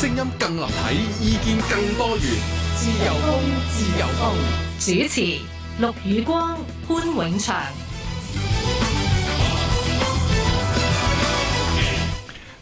聲音更立體，意見更多元。自由風，自由風。主持：陸宇光、潘永祥。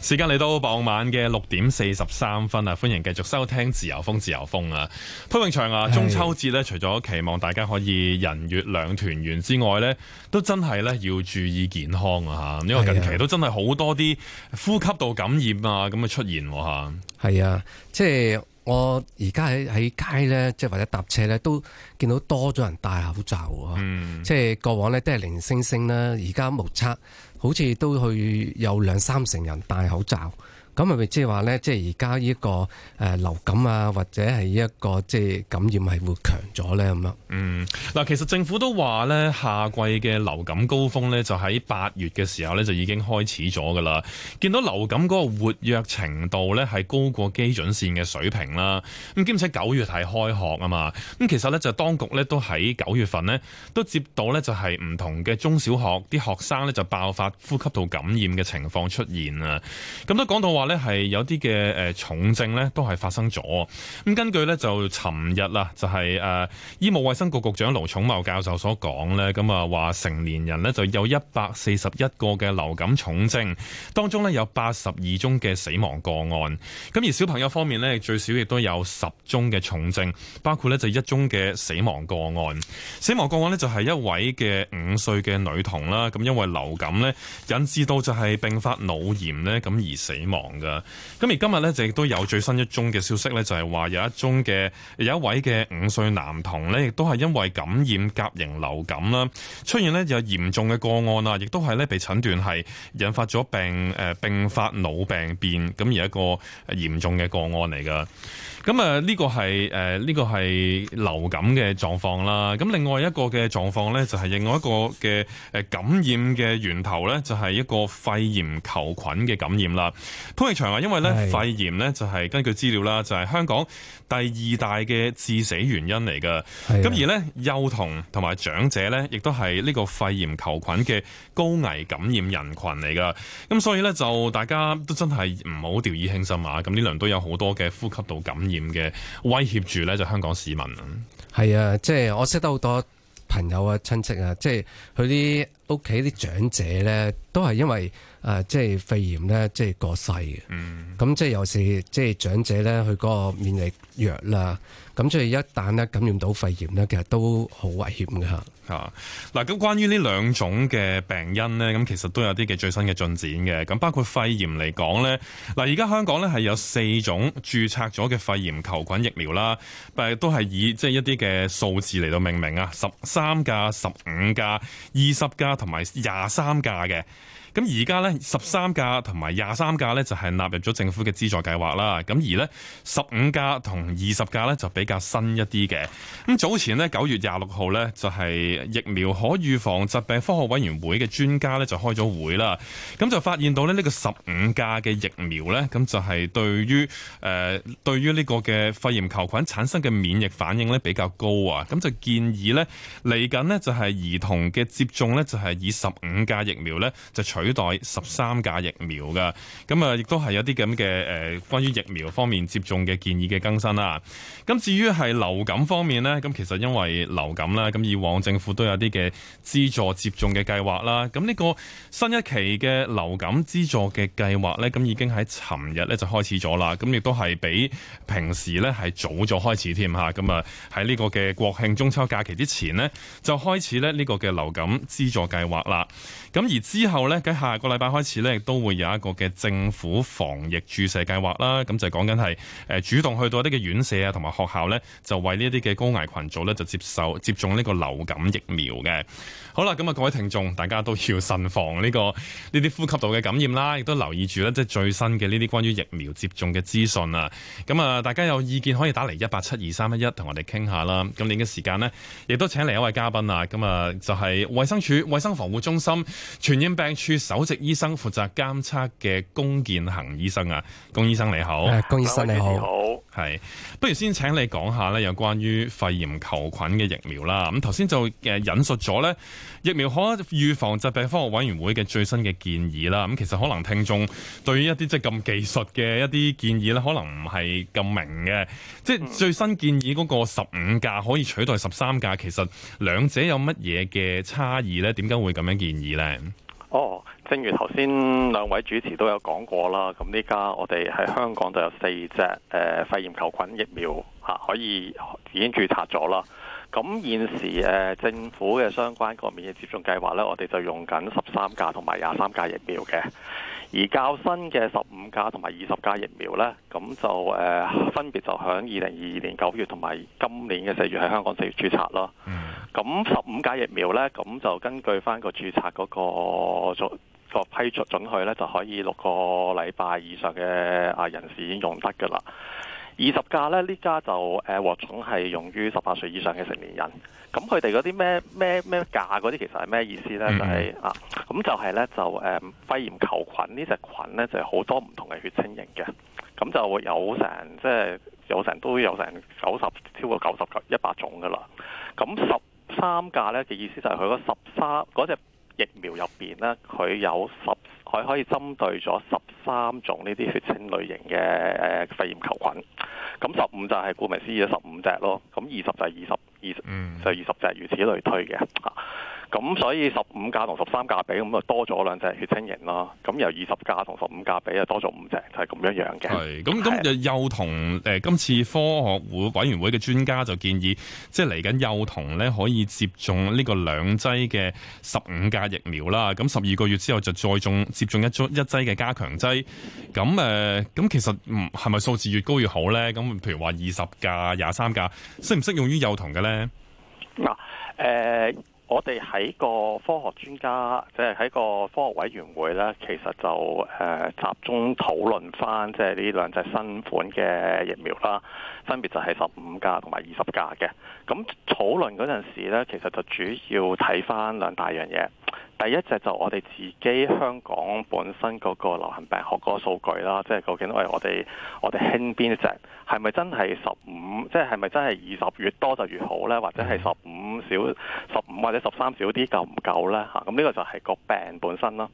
時間嚟到傍晚嘅六點四十三分啊！歡迎繼續收聽自由風，自由風啊！潘榮祥啊，中秋節咧，除咗期望大家可以人月兩團圓之外咧，都真係咧要注意健康啊嚇！因為近期都真係好多啲呼吸道感染啊咁嘅出現喎嚇。係啊，即係我而家喺喺街咧，即係或者搭車咧，都見到多咗人戴口罩啊。嗯，即係過往咧都係零星星啦，而家目測。好似都去有兩三成人戴口罩。咁係咪即係話咧？即係而家呢個誒流感啊，或者係一個即係感染係會強咗咧？咁樣嗯，嗱，其實政府都話咧，夏季嘅流感高峰咧就喺八月嘅時候咧就已經開始咗噶啦。見到流感嗰個活躍程度咧係高過基準線嘅水平啦。咁兼且九月係開學啊嘛，咁其實咧就當局咧都喺九月份咧都接到咧就係唔同嘅中小學啲學生咧就爆發呼吸道感染嘅情況出現啊。咁都講到話。咧係有啲嘅、誒重症咧，都係發生咗。咁根據咧就尋日啦，就係誒醫務衛生局局長盧寵茂教授所講咧，咁啊話成年人咧就有一百四十一個嘅流感重症，當中咧有八十二宗嘅死亡個案。咁而小朋友方面咧，最少亦都有十宗嘅重症，包括咧就一宗嘅死亡個案。死亡個案咧就係一位嘅五歲嘅女童啦。咁因為流感咧，引致到就係併發腦炎咧，咁而死亡。噶，咁而今日咧就亦都有最新一宗嘅消息咧，就係話有一宗嘅，有一位嘅五歲男童咧，亦都係因為感染甲型流感啦，出現咧有嚴重嘅個案啦，亦都係咧被診斷係引發咗病誒，併發腦病變，咁而一個嚴重嘅個案嚟噶。咁啊呢個係誒呢個係流感嘅狀況啦。咁另外一個嘅狀況咧，就係另外一個嘅誒感染嘅源頭咧，就係一個肺炎球菌嘅感染啦。因為咧肺炎咧就係根據資料啦，就係香港第二大嘅致死原因嚟㗎。咁而呢幼童同埋長者咧，亦都係呢個肺炎球菌嘅高危感染人群嚟噶。咁所以咧，就大家都真係唔好掉以輕心啊！咁呢輪都有好多嘅呼吸道感染嘅威脅住咧，就香港市民。係啊，即係我識得好多朋友啊、親戚啊，即係佢啲屋企啲長者咧，都係因為。誒、呃，即係肺炎咧，即係過世嘅。嗯，咁即係有時即係長者咧，佢嗰個免疫力弱啦。咁即係一旦咧感染到肺炎咧，其實都好危險㗎嗱，咁、啊、關於呢兩種嘅病因咧，咁其實都有啲嘅最新嘅進展嘅。咁包括肺炎嚟講咧，嗱而家香港咧係有四種註冊咗嘅肺炎球菌疫苗啦，但係都係以即係一啲嘅數字嚟到命名啊，十三價、十五價、二十價同埋廿三價嘅。咁而家呢十三價同埋廿三價呢，就係納入咗政府嘅資助計劃啦。咁而呢十五價同二十價呢，就比較新一啲嘅。咁早前呢九月廿六號呢，就係疫苗可預防疾病科學委員會嘅專家呢，就開咗會啦。咁就發現到呢呢個十五價嘅疫苗呢，咁就係對於誒對於呢個嘅肺炎球菌產生嘅免疫反應呢，比較高啊。咁就建議呢嚟緊呢，就係兒童嘅接種呢，就係以十五價疫苗呢，就取。取代十三價疫苗噶，咁啊，亦都係有啲咁嘅誒，關於疫苗方面接種嘅建議嘅更新啦。咁至於係流感方面咧，咁其實因為流感啦，咁以往政府都有啲嘅資助接種嘅計劃啦。咁呢個新一期嘅流感資助嘅計劃咧，咁已經喺尋日咧就開始咗啦。咁亦都係比平時咧係早咗開始添吓。咁啊喺呢個嘅國慶中秋假期之前咧，就開始咧呢個嘅流感資助計劃啦。咁而之後咧，下個禮拜開始咧，亦都會有一個嘅政府防疫注射計劃啦。咁就講緊係，誒主動去到一啲嘅院舍啊，同埋學校咧，就為呢一啲嘅高危群組咧，就接受接種呢個流感疫苗嘅。好啦，咁啊各位聽眾，大家都要慎防呢個呢啲呼吸道嘅感染啦，亦都留意住咧，即係最新嘅呢啲關於疫苗接種嘅資訊啊。咁啊，大家有意見可以打嚟一八七二三一一，同我哋傾下啦。咁呢個時間呢，亦都請嚟一位嘉賓啊。咁啊，就係、是、衛生署衛生防護中心傳染病處。首席醫生負責監測嘅龔健恆醫生啊，龔醫生你好，龔醫生你好，你好，不如先請你講下咧，有關於肺炎球菌嘅疫苗啦。咁頭先就引述咗呢，疫苗可預防疾病科學委員會嘅最新嘅建議啦。咁其實可能聽眾對於一啲即係咁技術嘅一啲建議呢，可能唔係咁明嘅。即係最新建議嗰個十五價可以取代十三價，其實兩者有乜嘢嘅差異呢？點解會咁樣建議呢？哦，正如頭先兩位主持都有講過啦，咁呢家我哋喺香港就有四隻誒、呃、肺炎球菌疫苗，啊、可以已經註冊咗啦。咁現時誒、呃、政府嘅相關個免疫接種計劃呢，我哋就用緊十三價同埋廿三價疫苗嘅。而較新嘅十五價同埋二十價疫苗呢，咁就誒、呃、分別就喺二零二二年九月同埋今年嘅四月喺香港四月註冊咯。咁十五價疫苗呢，咁就根據翻個註冊嗰、那個咗、那個、批准准許呢，就可以六個禮拜以上嘅啊人士已經用得㗎喇。二十價咧，呢家就誒獲獎係用於十八歲以上嘅成年人。咁佢哋嗰啲咩咩咩價嗰啲，其實係咩意思咧、嗯就是啊？就係啊，咁就係咧就誒肺炎球菌，菌呢隻菌咧，就係、是、好多唔同嘅血清型嘅。咁就會有成即係、就是、有成都有成九十超過九十一百種㗎喇。咁十三價咧嘅意思就係佢嗰十三嗰隻疫苗入面咧，佢有十。佢可以針對咗十三種呢啲血清類型嘅誒肺炎球菌，咁十五就係顧名思義，十五隻咯。咁二十就係二十，二十就二十隻，如此類推嘅。咁所以十五價同十三價比，咁啊多咗兩隻血清型啦，咁由二十價同十五價比啊多咗五隻，係、就、咁、是、樣樣嘅。咁咁幼童、呃、今次科學會委員會嘅專家就建議，即係嚟緊幼童咧可以接種呢個兩劑嘅十五價疫苗啦。咁十二個月之後就再種接種一劑一劑嘅加強劑。咁咁、呃、其實唔係咪數字越高越好咧？咁譬如話二十價、廿三價，適唔適用於幼童嘅咧？嗱、呃我哋喺個科學專家，即係喺個科學委員會呢，其實就誒、呃、集中討論翻，即係呢兩隻新款嘅疫苗啦，分別就係十五價同埋二十價嘅。咁討論嗰陣時呢，其實就主要睇翻兩大樣嘢。第一隻就我哋自己香港本身嗰個流行病學嗰個數據啦，即係究竟因為我哋我哋輕邊一隻係咪真係十五，即係係咪真係二十越多就越好呢？或者係十五少十五或者十三少啲夠唔夠呢？吓？咁呢個就係個病本身啦。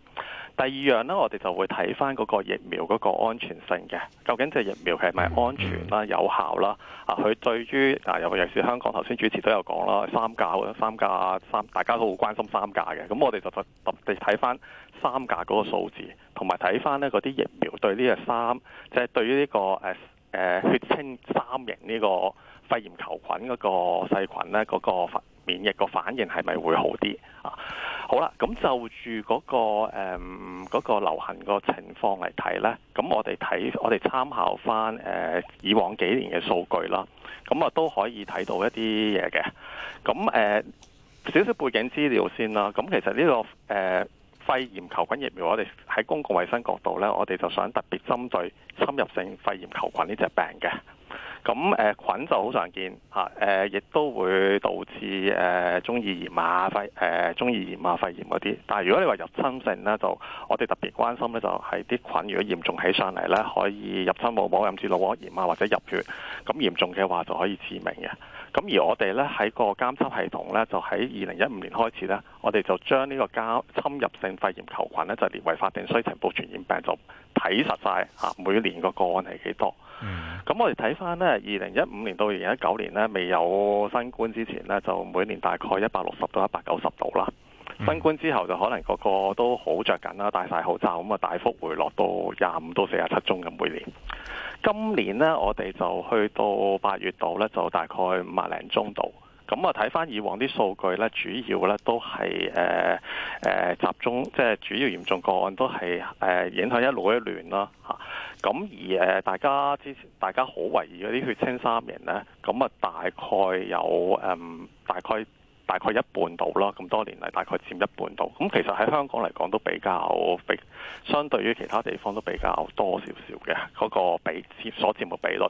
第二樣呢，我哋就會睇翻嗰個疫苗嗰個安全性嘅，究竟隻疫苗係咪安全啦、啊、有效啦？啊，佢對於啊，尤其是香港頭先主持都有講啦，三價嘅三價三，大家都好關心三價嘅。咁我哋就特特別睇翻三價嗰個數字，同埋睇翻呢嗰啲疫苗對呢個三，即、就、係、是、對於呢、這個誒誒、呃、血清三型呢個肺炎球菌嗰個細菌呢嗰、那個。免疫個反應係咪會好啲啊？好啦，咁就住嗰、嗰個誒、嗯那個、流行個情況嚟睇咧，咁我哋睇我哋參考翻誒、嗯、以往幾年嘅數據啦，咁、嗯、啊都可以睇到一啲嘢嘅。咁、嗯、誒、嗯、少少背景資料先啦。咁、嗯、其實呢、呢個誒、嗯、肺炎球菌疫苗，我哋喺公共衞生角度呢，我哋就想特別針對侵入性肺炎球菌呢隻病嘅。咁誒、呃、菌就好常見嚇，亦、啊、都會導致誒、呃、中耳炎啊、肺誒、呃、中耳炎啊、肺炎嗰啲。但係如果你話入侵性咧，就我哋特別關心咧，就係、是、啲菌如果嚴重起上嚟咧，可以入侵腦膜，甚至腦膜炎啊，或者入血。咁、啊、嚴重嘅話就可以致命嘅。咁、啊、而我哋咧喺個監測系統咧，就喺二零一五年開始咧，我哋就將呢個加侵入性肺炎球菌咧，就列為法定須呈報傳染病，就睇實晒，嚇、啊，每年個個案係幾多。咁我哋睇翻咧，二零一五年到二零一九年咧，未有新冠之前咧，就每年大概一百六十到一百九十度啦。新冠之後就可能個個都好着緊啦，戴晒口罩咁啊，大幅回落到廿五到四十七宗嘅每年。今年咧，我哋就去到八月度咧，就大概五十零宗度。咁啊，睇翻以往啲數據咧，主要咧都係誒誒集中，即係主要嚴重個案都係誒影響一老一嫩啦嚇。咁而誒大家之前大家好懷疑嗰啲血清三型咧，咁啊大概有誒、嗯、大概大概一半度啦，咁多年嚟大概佔一半度。咁其實喺香港嚟講都比較比相對於其他地方都比較多少少嘅嗰個比所佔嘅比率。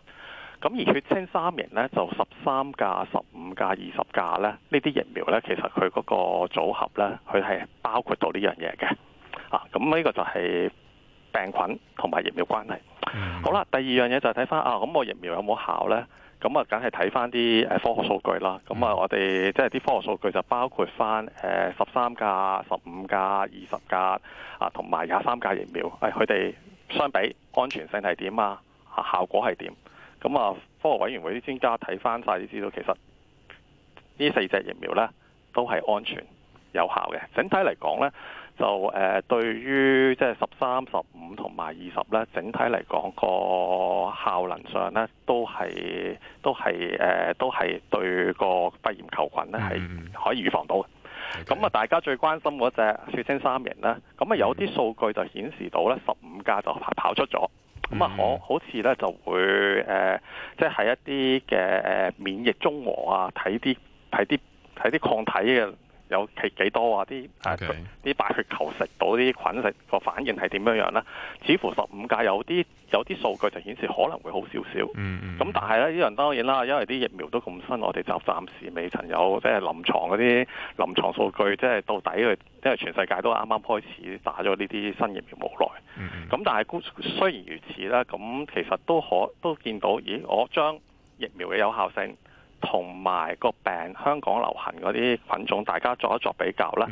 咁而血清三型咧就十三價、十五價、二十價咧，呢啲疫苗咧，其實佢嗰個組合咧，佢係包括到呢樣嘢嘅啊。咁呢個就係病菌同埋疫苗關係。Mm hmm. 好啦，第二樣嘢就睇翻啊，咁個疫苗有冇效咧？咁啊，梗係睇翻啲科學數據啦。咁啊，我哋、mm hmm. 即係啲科學數據就包括翻誒十三價、十五價、二十價啊，同埋廿三價疫苗。誒、哎，佢哋相比安全性係點啊，啊？效果係點？咁啊，科學委員會啲專家睇翻曬啲知道，其實呢四隻疫苗呢都係安全有效嘅。整體嚟講呢，就誒對於即係十三、十五同埋二十呢，整體嚟講個效能上呢都係都係誒都係對個肺炎球菌呢係可以預防到嘅。咁啊、嗯，okay. 大家最關心嗰隻血清三型呢，咁啊有啲數據就顯示到呢十五價就跑出咗。咁啊，我好好似咧就會誒，即係一啲嘅誒免疫中和啊，睇啲睇啲睇啲抗體嘅。有係幾多啊？啲啲 Okay. 白血球到食到啲菌，食個反應係點樣樣呢？似乎十五價有啲有啲數據就顯示可能會好少少。咁、mm hmm. 嗯、但係呢樣當然啦，因為啲疫苗都咁新，我哋暫暫時未曾有即係、就是、臨床嗰啲臨床數據，即、就、係、是、到底因為全世界都啱啱開始打咗呢啲新疫苗冇耐。咁、mm hmm. 嗯、但係，雖然如此啦，咁其實都可都見到，咦？我將疫苗嘅有效性。同埋個病香港流行嗰啲品種，大家作一作比較啦。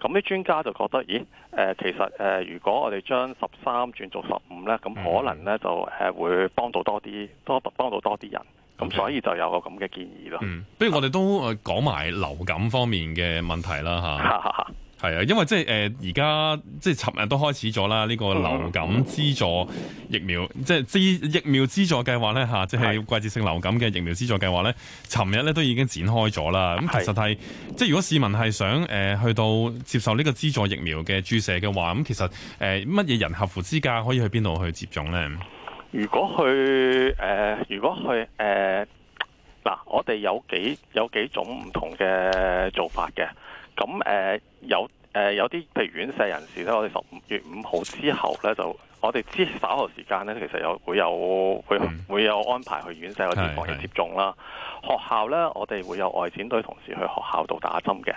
咁啲、嗯、專家就覺得，咦？誒，其實誒，如果我哋將十三轉做十五呢，咁可能呢就係會幫到多啲，嗯、多幫到多啲人。咁所以就有個咁嘅建議咯。不、嗯、如我哋都誒講埋流感方面嘅問題啦，嚇、啊。啊啊啊係啊，因為即係誒，而家即係尋日都開始咗啦，呢、這個流感資助疫苗，嗯、即係資疫苗資助計劃咧吓，即係季節性流感嘅疫苗資助計劃咧，尋日咧都已經展開咗啦。咁是其實係，即係如果市民係想誒去到接受呢個資助疫苗嘅注射嘅話，咁其實誒乜嘢人合乎資格可以去邊度去接種咧、呃？如果去誒，如果去誒，嗱，我哋有幾有幾種唔同嘅做法嘅。咁誒、呃、有誒、呃、有啲譬如院舍人士咧，我哋十月五號之後咧就。我哋知稍後時間咧，其實有會有會、mm. 會有安排去院舍有啲防疫接種啦。學校咧對是，我哋會有外展隊同事去學校度打針嘅。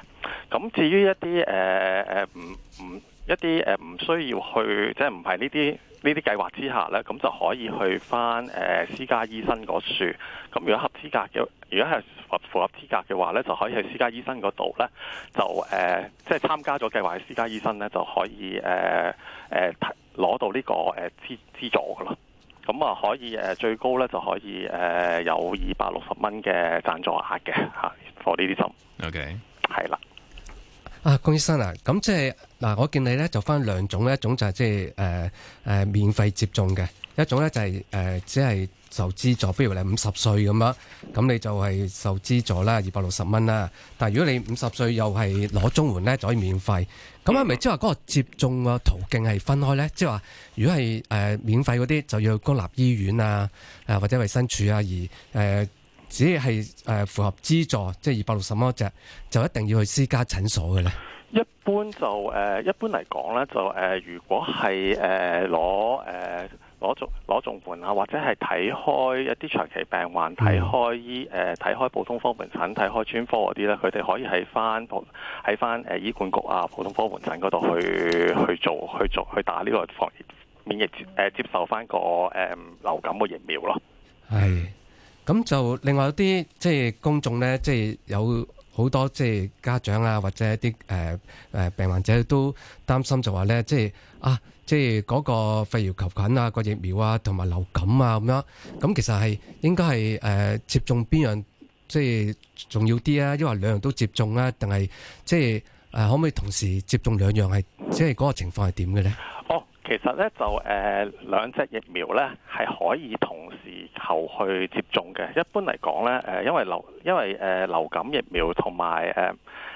咁至於一啲誒誒唔唔一啲誒唔需要去，即係唔係呢啲呢啲計劃之下咧，咁、嗯、就可以去翻誒、呃、私家醫生嗰處。咁、啊、如果合資格嘅，如果係符合資格嘅話咧，就可以去私家醫生嗰度咧，就誒即係參加咗計劃嘅私家醫生咧，就可以誒誒、呃呃、提。攞到呢、這個誒資資助嘅咯，咁、呃、啊可以誒最高咧就可以誒、呃、有二百六十蚊嘅贊助額嘅嚇，for 呢啲心，OK，係啦了。啊，龔醫生啊，咁即係嗱，我見你咧就分兩種，一種就係即係誒誒免費接種嘅，一種咧就係誒只係。呃受資助，譬如你五十歲咁樣，咁你就係受資助啦，二百六十蚊啦。但係如果你五十歲又係攞綜援咧，就可以免費。咁啊，係咪即係話嗰個接種嘅途徑係分開咧？即係話，如果係誒、呃、免費嗰啲，就要去公立醫院啊，誒或者衞生署啊，而誒、呃、只係誒、呃、符合資助，即係二百六十蚊隻，就一定要去私家診所嘅咧、呃。一般就誒，一般嚟講咧，就誒、呃，如果係誒攞誒。呃攞仲攞仲緩啊，或者係睇開一啲長期病患，睇開醫誒睇開普通科門診，睇開專科嗰啲咧，佢哋可以喺翻普喺翻誒醫管局啊，普通科門診嗰度去去做去做去打呢個防疫免疫誒接、呃、接受翻嗰個誒、呃、流感嘅疫苗咯。係，咁就另外有啲即係公眾咧，即係有好多即係家長啊，或者一啲誒誒病患者都擔心就話咧，即係啊。即係嗰個肺炎球菌啊，個疫苗啊，同埋流感啊咁樣，咁其實係應該係誒接種邊樣即係重要啲啊？因為兩樣都接種啊，定係即係誒可唔可以同時接種兩樣係？即係嗰個情況係點嘅咧？哦，其實咧就誒兩隻疫苗咧係可以同時候去接種嘅。一般嚟講咧誒，因為流因為誒流感疫苗同埋誒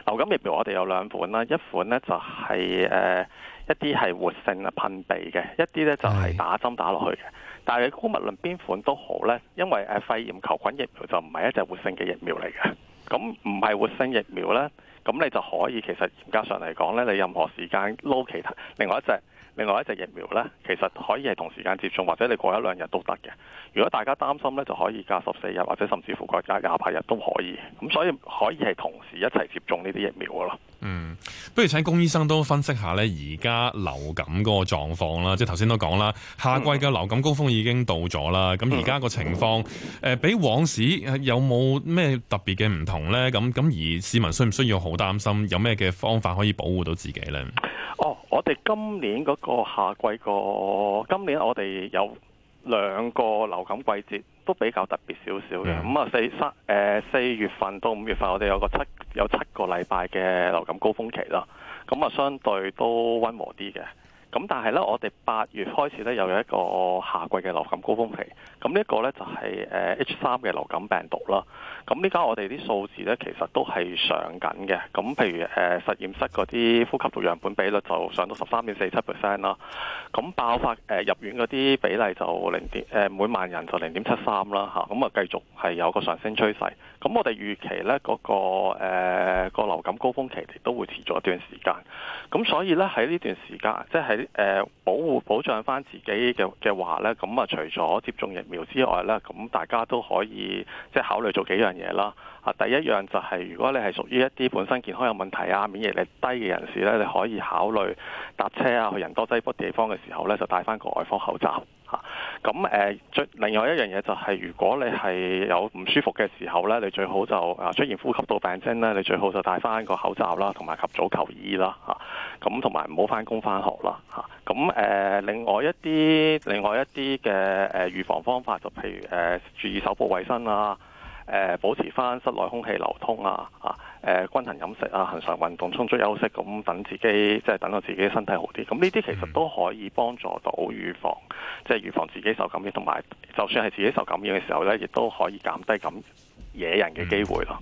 流感疫苗我哋有兩款啦，一款咧就係誒。一啲係活性啊噴鼻嘅，一啲咧就係打針打落去嘅。是的但係，估無論邊款都好咧，因為肺炎球菌疫苗就唔係一隻活性嘅疫苗嚟嘅。咁唔係活性疫苗咧，咁你就可以其實嚴格上嚟講咧，你任何時間撈其他另外一隻另外一隻疫苗咧，其實可以係同時間接種，或者你過一兩日都得嘅。如果大家擔心咧，就可以隔十四日或者甚至乎過廿廿八日都可以。咁所以可以係同時一齊接種呢啲疫苗㗎咯。嗯，不如請龔醫生都分析下呢而家流感嗰個狀況啦，即係頭先都講啦，夏季嘅流感高峰已經到咗啦，咁而家個情況，誒，比往時有冇咩特別嘅唔同呢？咁咁而市民需唔需要好擔心？有咩嘅方法可以保護到自己呢？哦，我哋今年嗰個夏季個，今年我哋有。兩個流感季節都比較特別少少嘅，咁啊 Yeah. 四三誒四、呃、四月份到五月份，我哋有個七有七個禮拜嘅流感高峰期啦，咁啊相對都溫和啲嘅。咁但係咧，我哋八月開始咧又有一個夏季嘅流感高峰期。咁呢一個咧就係誒 H 三嘅流感病毒啦。咁呢家我哋啲數字咧其實都係上緊嘅。咁譬如誒實驗室嗰啲呼吸道樣本比率就上到十三點四七 percent 啦。咁爆發誒入院嗰啲比例就零點誒每萬人就零點七三啦嚇。咁啊繼續係有個上升趨勢。咁我哋預期咧嗰個誒個流感高峰期都會持續一段時間。咁所以咧喺呢段時間即係喺。誒保護保障翻自己嘅嘅話咧，咁啊除咗接種疫苗之外咧，咁大家都可以即係考慮做幾樣嘢啦。第一樣就係、是、如果你係屬於一啲本身健康有問題啊、免疫力低嘅人士咧，你可以考慮搭車啊、去人多擠迫地方嘅時候咧，就戴翻個外科口罩咁、啊啊、最另外一樣嘢就係、是、如果你係有唔舒服嘅時候咧，你最好就啊出現呼吸道病徵咧，你最好就戴翻個口罩啦，同埋及早求醫啦，咁同埋唔好翻工翻學啦咁、啊啊、另外一啲另外一啲嘅誒預防方法就譬如、啊、注意手部衛生啊。誒、呃、保持翻室內空氣流通啊，啊、呃、均衡飲食啊，恆常運動、充足休息，咁等自己即係、就是、等到自己身體好啲。咁呢啲其實都可以幫助到預防，即係預防自己受感染，同埋就算係自己受感染嘅時候咧，亦都可以減低感染野人嘅機會咯。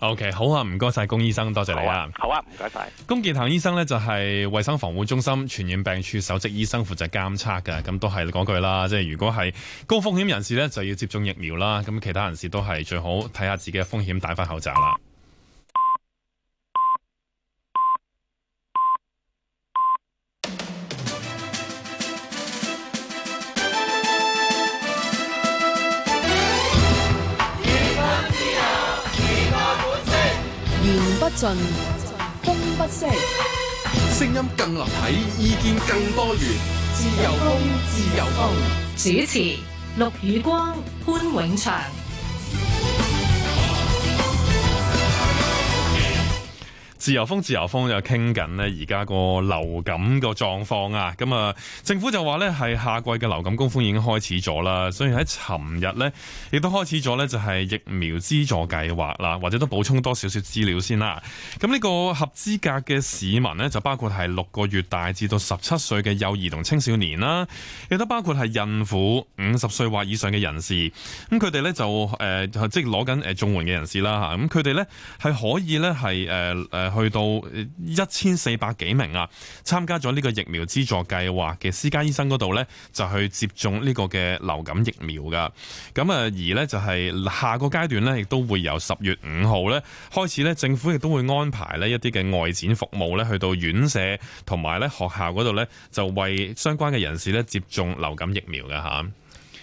OK，好啊，唔該晒。龔醫生，多謝你啊。好啊，唔該晒。龔健恒醫生呢，就係衞生防護中心傳染病處首席醫生負責監測嘅。咁都係嗰句啦，即係如果係高風險人士呢，就要接種疫苗啦，咁其他人士都係最好睇下自己嘅風險，戴翻口罩啦。進風不息，聲音更立體，意見更多元，自由風，自由風。主持：陸宇光、潘永祥。自由風，自由風就傾緊呢。而家個流感個狀況啊，咁、嗯、啊，政府就話呢係夏季嘅流感高峰已經開始咗啦。所以喺尋日呢，亦都開始咗呢就係疫苗資助計劃啦，或者都補充多少少資料先啦。咁呢個合資格嘅市民呢，就包括係六個月大至到十七歲嘅幼兒同青少年啦，亦都包括係孕婦、五十歲或以上嘅人士。咁佢哋呢，就即係攞緊誒綜援嘅人士啦吓。咁佢哋呢，係可以呢係誒去到一千四百幾名啊，參加咗呢個疫苗資助計劃嘅私家醫生嗰度呢，就去接種呢個嘅流感疫苗噶。咁啊，而呢就係下個階段呢，亦都會由十月五號呢開始呢，政府亦都會安排呢一啲嘅外展服務呢，去到院舍同埋呢學校嗰度呢，就為相關嘅人士呢接種流感疫苗噶吓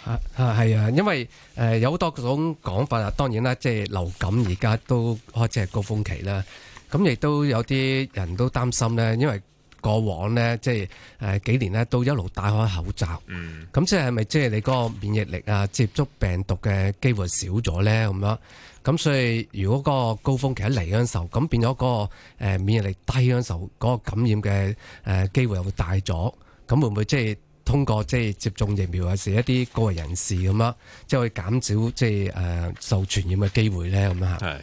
啊，係啊，因為誒、呃、有好多種講法啊。當然啦，即係流感而家都開始係高峰期啦。咁亦都有啲人都擔心咧，因為過往咧即係誒幾年咧都一路戴開口罩，嗯，咁即係咪即係你嗰個免疫力啊，接觸病毒嘅機會少咗咧？咁樣咁所以如果嗰個高峯期一嚟嗰陣時候，咁變咗嗰個誒免疫力低嗰陣時候，嗰個感染嘅誒機會又會大咗，咁會唔會即係？通過即係接種疫苗，或者一啲高危人士咁樣，即係可以減少即係誒受傳染嘅機會咧，咁樣嚇。係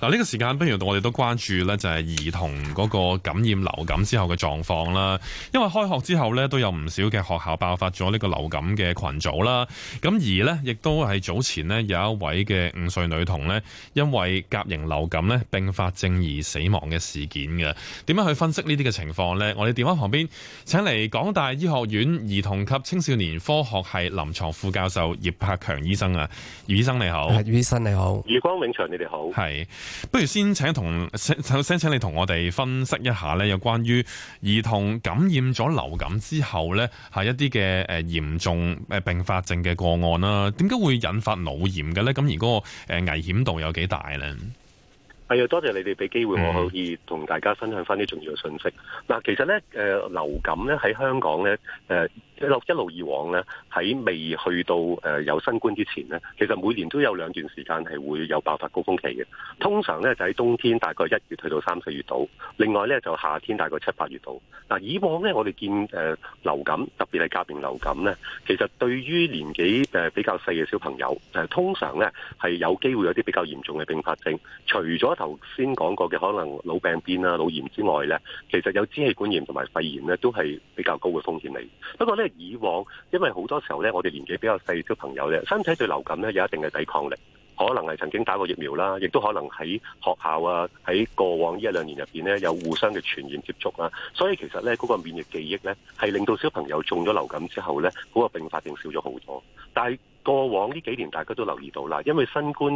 嗱，呢個時間不如我哋都關注咧，就係兒童嗰個感染流感之後嘅狀況啦。因為開學之後咧，都有唔少嘅學校爆發咗呢個流感嘅群組啦。咁而呢，亦都係早前咧有一位嘅五歲女童呢，因為甲型流感呢，併發症而死亡嘅事件嘅。點樣去分析呢啲嘅情況呢？我哋電話旁邊請嚟港大醫學院兒童。童及青少年科學系臨床副教授葉柏強醫生啊，葉醫生你好，葉醫生你好，余光永祥你哋好，係不如先請同先請你同我哋分析一下呢有關於兒童感染咗流感之後呢，係一啲嘅誒嚴重誒併發症嘅個案啦，點解會引發腦炎嘅呢？咁如果個誒危險度有幾大呢？係啊，多謝你哋俾機會我可以同大家分享翻啲重要嘅信息。嗱、嗯，其實呢，誒流感呢喺香港呢。誒、呃。一路以往咧，喺未去到有新冠之前咧，其實每年都有兩段時間係會有爆發高峰期嘅。通常咧就喺冬天，大概一月去到三四月度；另外咧就夏天，大概七八月度。嗱，以往咧我哋見流感，特別係甲型流感咧，其實對於年紀比較細嘅小朋友通常咧係有機會有啲比較嚴重嘅併發症。除咗頭先講過嘅可能腦病變啦、腦炎之外咧，其實有支氣管炎同埋肺炎咧都係比較高嘅風險嚟。不過咧。以往，因為好多時候咧，我哋年紀比較細小朋友咧，身體對流感咧有一定嘅抵抗力，可能係曾經打過疫苗啦，亦都可能喺學校啊，喺過往呢一兩年入邊咧有互相嘅傳染接觸啊，所以其實咧嗰個免疫記憶咧係令到小朋友中咗流感之後咧，嗰個併發症少咗好多，但係。過往呢幾年大家都留意到啦，因為新冠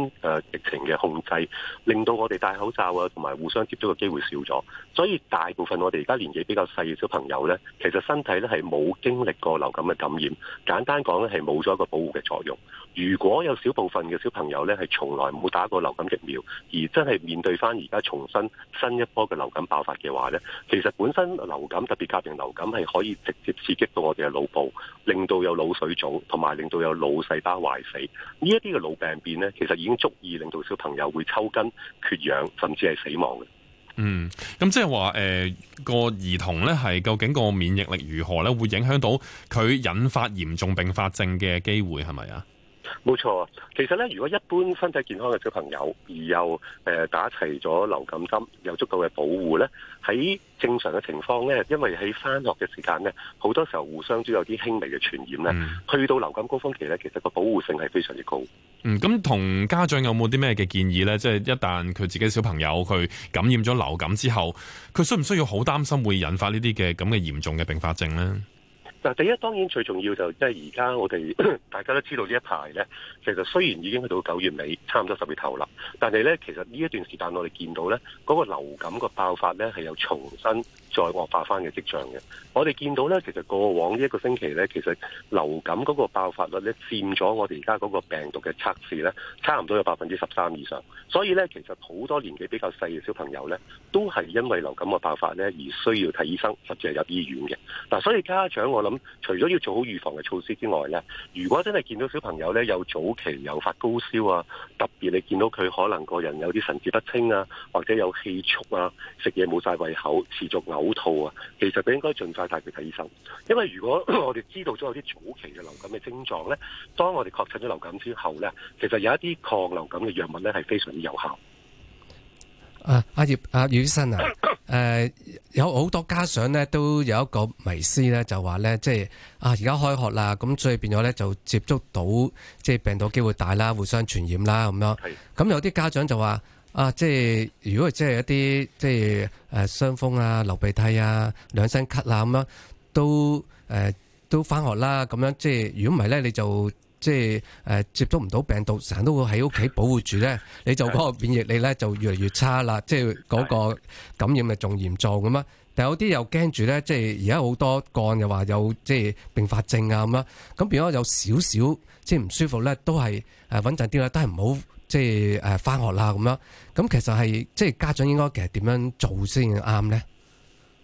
疫情嘅控制，令到我哋戴口罩啊，同埋互相接觸嘅機會少咗，所以大部分我哋而家年紀比較細嘅小朋友呢，其實身體呢係冇經歷過流感嘅感染，簡單講呢，係冇咗一個保護嘅作用。如果有少部分嘅小朋友呢係從來唔會打過流感疫苗，而真係面對翻而家重新新一波嘅流感爆發嘅話呢，其實本身流感特別甲型流感係可以直接刺激到我哋嘅腦部，令到有腦水腫，同埋令到有腦細加壞死呢一啲嘅腦病變咧，其實已經足以令到小朋友會抽筋、缺氧，甚至係死亡嘅。嗯，咁即係話誒個兒童咧，係究竟個免疫力如何咧，會影響到佢引發嚴重併發症嘅機會係咪啊？冇錯，其實咧，如果一般身體健康嘅小朋友，而又誒、呃、打齊咗流感針，有足夠嘅保護咧，喺正常嘅情況咧，因為喺返學嘅時間咧，好多時候互相都有啲輕微嘅傳染咧，去到流感高峰期咧，其實個保護性係非常之高。嗯，咁同家長有冇啲咩嘅建議咧？即、就、係、是、一旦佢自己嘅小朋友佢感染咗流感之後，佢需唔需要好擔心會引發呢啲嘅咁嘅嚴重嘅併發症咧？嗱，第一當然最重要就即係而家我哋大家都知道這一呢一排咧，其實雖然已經去到九月尾，差唔多十月頭啦，但係咧其實呢一段時間我哋見到咧，嗰、那個流感個爆發咧係有重新再惡化翻嘅跡象嘅，我哋見到咧，其實過往呢一個星期咧，其實流感嗰個爆發率咧，佔咗我哋而家嗰個病毒嘅測試咧，差唔多有百分之十三以上。所以咧，其實好多年紀比較細嘅小朋友咧，都係因為流感嘅爆發咧而需要睇醫生甚至係入醫院嘅。嗱，所以家長我諗，除咗要做好預防嘅措施之外咧，如果真係見到小朋友咧有早期有發高燒啊，特別你見到佢可能個人有啲神志不清啊，或者有氣促啊，食嘢冇晒胃口，持續嘔。好痛啊！其實佢應該盡快帶佢睇醫生，因為如果我哋知道咗有啲早期嘅流感嘅症狀呢，當我哋確診咗流感之後呢，其實有一啲抗流感嘅藥物呢係非常之有效。啊，阿葉阿葉醫生啊，誒，有好多家長呢，都有一個迷思呢，就話呢，即係啊，而家開學啦，咁所以變咗呢就接觸到即係病毒機會大啦，互相傳染啦，咁樣。係。咁有啲家長就話。啊，即係如果即係一啲即係誒傷風啊、流鼻涕啊、兩聲咳啊，咁、呃、樣，都誒都翻學啦。咁樣即係如果唔係咧，你就即係誒、呃、接觸唔到病毒，成日都會喺屋企保護住咧， 你就嗰個免疫力咧就越嚟越差啦。 即係嗰個感染咪仲嚴重咁啊！但有啲又驚住咧，即係而家好多個案又話有即係併發症啊咁啊。咁變咗有少少即係唔舒服咧，都係誒穩陣啲啦，都係唔好。即係誒返學啦咁樣，咁其實係即係家長應該其實點樣做先啱咧？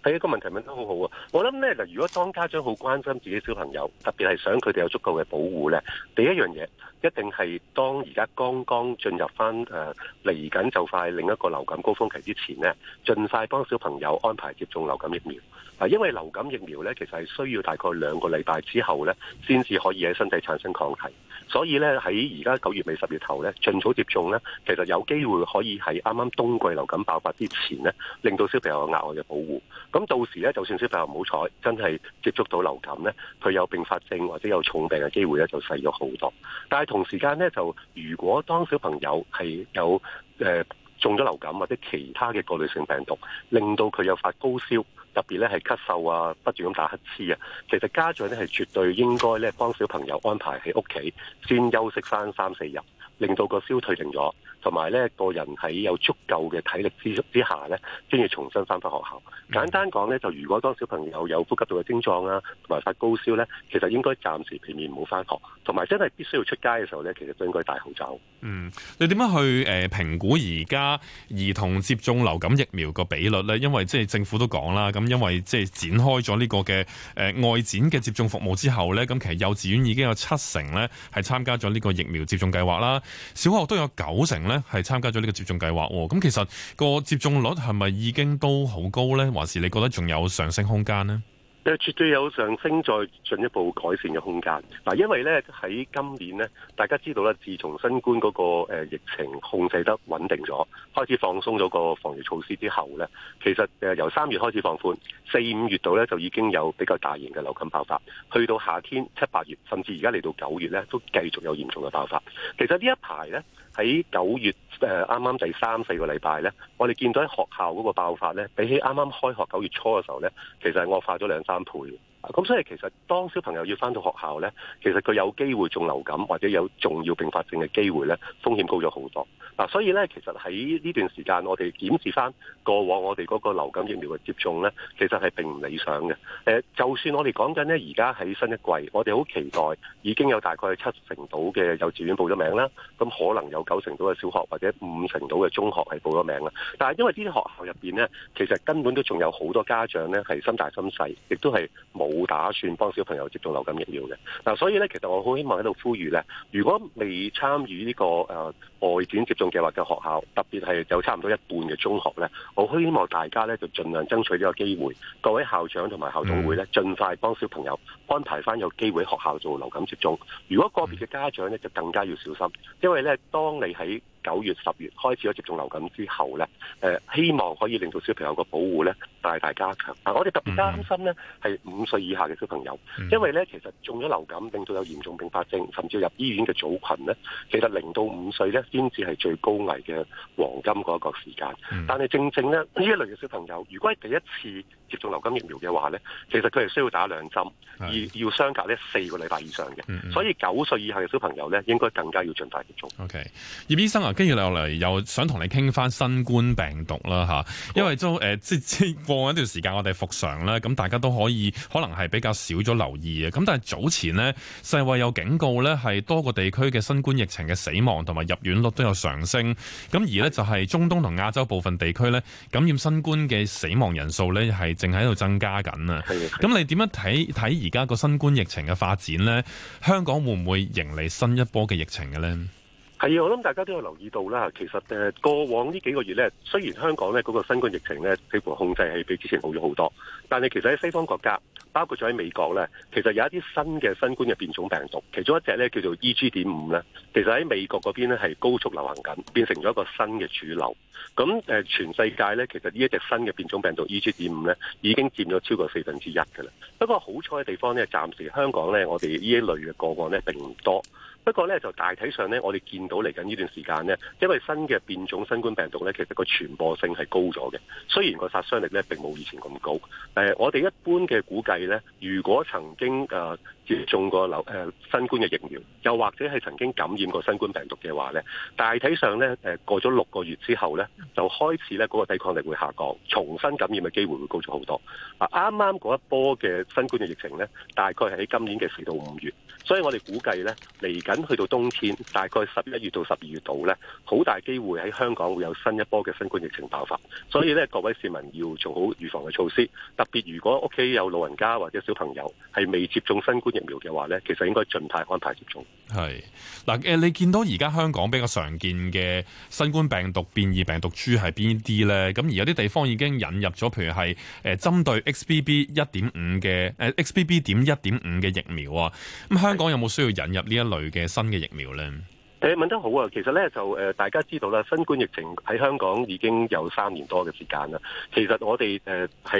係一個問題問得好好啊！我諗咧，嗱，如果當家長好關心自己小朋友，特別係想佢哋有足夠嘅保護咧，第一樣嘢一定係當而家剛剛進入翻誒嚟緊就快另一個流感高峰期之前咧，盡快幫小朋友安排接種流感疫苗。啊，因為流感疫苗咧，其實係需要大概兩個禮拜之後咧，先至可以喺身體產生抗體。所以咧，喺而家九月尾十月頭咧，儘早接種咧，其實有機會可以喺啱啱冬季流感爆發之前咧，令到小朋友有額外嘅保護。咁到時咧，就算小朋友唔好彩，真係接觸到流感咧，佢有併發症或者有重病嘅機會咧，就細咗好多。但係同時間咧，就如果當小朋友係有誒、呃、中咗流感或者其他嘅過濾性病毒，令到佢有發高燒，特別咧係咳嗽啊，不斷咁打乞嗤啊，其實家長咧係絕對應該咧幫小朋友安排喺屋企先休息翻三,三四日，令到個燒退定咗。同埋咧，個人喺有足夠嘅體力之之下咧，先至重新翻返學校。簡單講咧，就如果當小朋友有呼吸道嘅症狀啦，同埋發高燒咧，其實應該暫時避免冇返學。同埋真係必須要出街嘅時候咧，其實都應該戴口罩。嗯，你點樣去誒評估而家兒童接種流感疫苗個比率呢？因為即係政府都講啦，咁因為即係展開咗呢個嘅誒外展嘅接種服務之後咧，咁其實幼稚園已經有七成咧係參加咗呢個疫苗接種計劃啦，小學都有九成。咧係參加咗呢個接種計劃喎，咁其實個接種率係咪已經都好高咧？還是你覺得仲有上升空間咧？誒絕對有上升再進一步改善嘅空間。嗱，因為咧喺今年咧，大家知道咧，自從新冠嗰個疫情控制得穩定咗，開始放鬆咗個防疫措施之後咧，其實由三月開始放寬，四五月度咧就已經有比較大型嘅流感爆發，去到夏天七八月，甚至而家嚟到九月咧，都繼續有嚴重嘅爆發。其實呢一排咧，喺九月誒啱啱第三四個禮拜咧，我哋見到喺學校嗰個爆發咧，比起啱啱開學九月初嘅時候咧，其實係惡化咗兩三倍咁、啊、所以其實當小朋友要返到學校呢，其實佢有機會中流感或者有重要併發症嘅機會呢，風險高咗好多。嗱，所以咧，其實喺呢段時間，我哋檢視翻過往我哋嗰個流感疫苗嘅接種咧，其實係並唔理想嘅。誒，就算我哋講緊呢，而家喺新一季，我哋好期待已經有大概七成到嘅幼稚園報咗名啦，咁可能有九成到嘅小學或者五成到嘅中學係報咗名啦。但係因為呢啲學校入邊呢，其實根本都仲有好多家長呢係心大心細，亦都係冇打算幫小朋友接種流感疫苗嘅。嗱，所以咧，其實我好希望喺度呼籲咧，如果未參與呢個誒外展接種，計劃嘅學校，特別係有差唔多一半嘅中學呢，我希望大家呢就盡量爭取呢個機會。各位校長同埋校董會呢，盡快幫小朋友安排翻有機會學校做流感接種。如果個別嘅家長呢，就更加要小心，因為呢當你喺。九月十月開始咗接種流感之後咧，誒希望可以令到小朋友個保護咧大大加強。但我哋特別擔心咧，係五歲以下嘅小朋友，因為咧其實中咗流感，令到有嚴重併發症，甚至入醫院嘅組群咧，其實零到五歲咧先至係最高危嘅黃金嗰一個時間。但係正正咧，呢一類嘅小朋友，如果係第一次，接種流感疫苗嘅話咧，其實佢係需要打兩針，而要相隔呢四個禮拜以上嘅，的所以九歲以下嘅小朋友咧，應該更加要盡快接種。O、okay. K. 葉醫生啊，跟住落嚟又想同你傾翻新冠病毒啦嚇，因為都誒即係過一段時間我哋復常咧，咁大家都可以可能係比較少咗留意嘅，咁但係早前呢，世衞有警告咧，係多個地區嘅新冠疫情嘅死亡同埋入院率都有上升，咁而呢，就係中東同亞洲部分地區咧感染新冠嘅死亡人數咧係。正喺度增加緊啊！咁的你點樣睇睇而家個新冠疫情嘅發展呢？香港會唔會迎嚟新一波嘅疫情嘅呢？係啊，我諗大家都有留意到啦。其實誒，過往呢幾個月呢，雖然香港呢嗰個新冠疫情呢，幾乎控制係比之前好咗好多，但係其實喺西方國家，包括咗喺美國咧，其實有一啲新嘅新冠嘅變種病毒，其中一隻咧叫做 EG.5 咧，其實喺美國嗰邊咧係高速流行緊，變成咗一個新嘅主流。咁誒，全世界咧其實呢一隻新嘅變種病毒 EG.5 咧已經佔咗超過四分之一嘅啦。不過好彩嘅地方咧，暫時香港咧，我哋呢一類嘅個案咧並唔多。不過咧，就大體上咧，我哋見到嚟緊呢段時間咧，因為新嘅變種新冠病毒咧，其實個傳播性係高咗嘅。雖然個殺傷力咧並冇以前咁高，誒，我哋一般嘅估計咧，如果曾經、呃接種過流誒新冠嘅疫苗，又或者係曾經感染過新冠病毒嘅話咧，大體上咧，誒過咗六個月之後咧，就開始咧嗰個抵抗力會下降，重新感染嘅機會會高咗好多。啊啱啱嗰一波嘅新冠嘅疫情咧，大概係喺今年嘅四到五月，所以我哋估計咧，嚟緊去到冬天，大概十一月到十二月度咧，好大機會喺香港會有新一波嘅新冠疫情爆發。所以咧，各位市民要做好預防嘅措施，特別如果屋企有老人家或者小朋友係未接種新冠疫苗嘅話咧，其實應該盡快安排接種。係嗱，誒、呃，你見到而家香港比較常見嘅新冠病毒變異病毒株係邊啲咧？咁而有啲地方已經引入咗，譬如係誒針對 XBB.1.5 嘅誒 XBB 點一點五嘅疫苗啊。咁、嗯、香港有冇需要引入呢一類嘅新嘅疫苗咧？誒問得好啊！其實咧就、呃、大家知道啦，新冠疫情喺香港已經有三年多嘅時間啦。其實我哋誒喺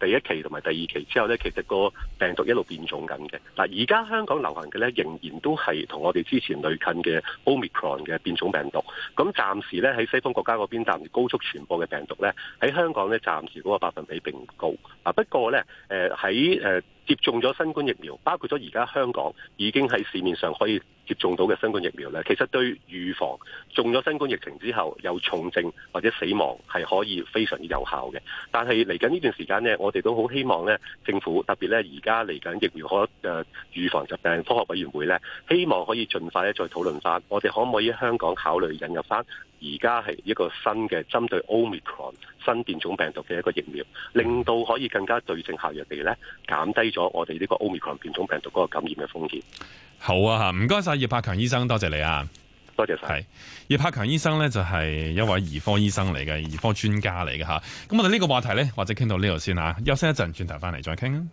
第一期同埋第二期之後咧，其實個病毒一路變種緊嘅。嗱，而家香港流行嘅咧，仍然都係同我哋之前類近嘅 Omicron 嘅變種病毒。咁暫時咧喺西方國家嗰邊暫時高速傳播嘅病毒咧，喺香港咧暫時嗰個百分比並唔高。啊，不過咧誒喺接種咗新冠疫苗，包括咗而家香港已經喺市面上可以，接種到嘅新冠疫苗咧，其實對預防中咗新冠疫情之後有重症或者死亡係可以非常之有效嘅。但係嚟緊呢段時間呢，我哋都好希望咧，政府特別咧而家嚟緊疫苗可誒預防疾病科學委員會咧，希望可以盡快咧再討論翻，我哋可唔可以香港考慮引入翻而家係一個新嘅針對 Omicron 新變種病毒嘅一個疫苗，令到可以更加對症下藥地咧，減低咗我哋呢個 Omicron 變種病毒嗰個感染嘅風險。好啊，吓，唔該晒葉柏強醫生，多謝你啊，多謝晒。葉柏強醫生呢就係一位兒科醫生嚟嘅，兒科專家嚟嘅吓。咁我哋呢個話題呢，或者傾到呢度先吓，休息一陣，轉頭翻嚟再傾啊。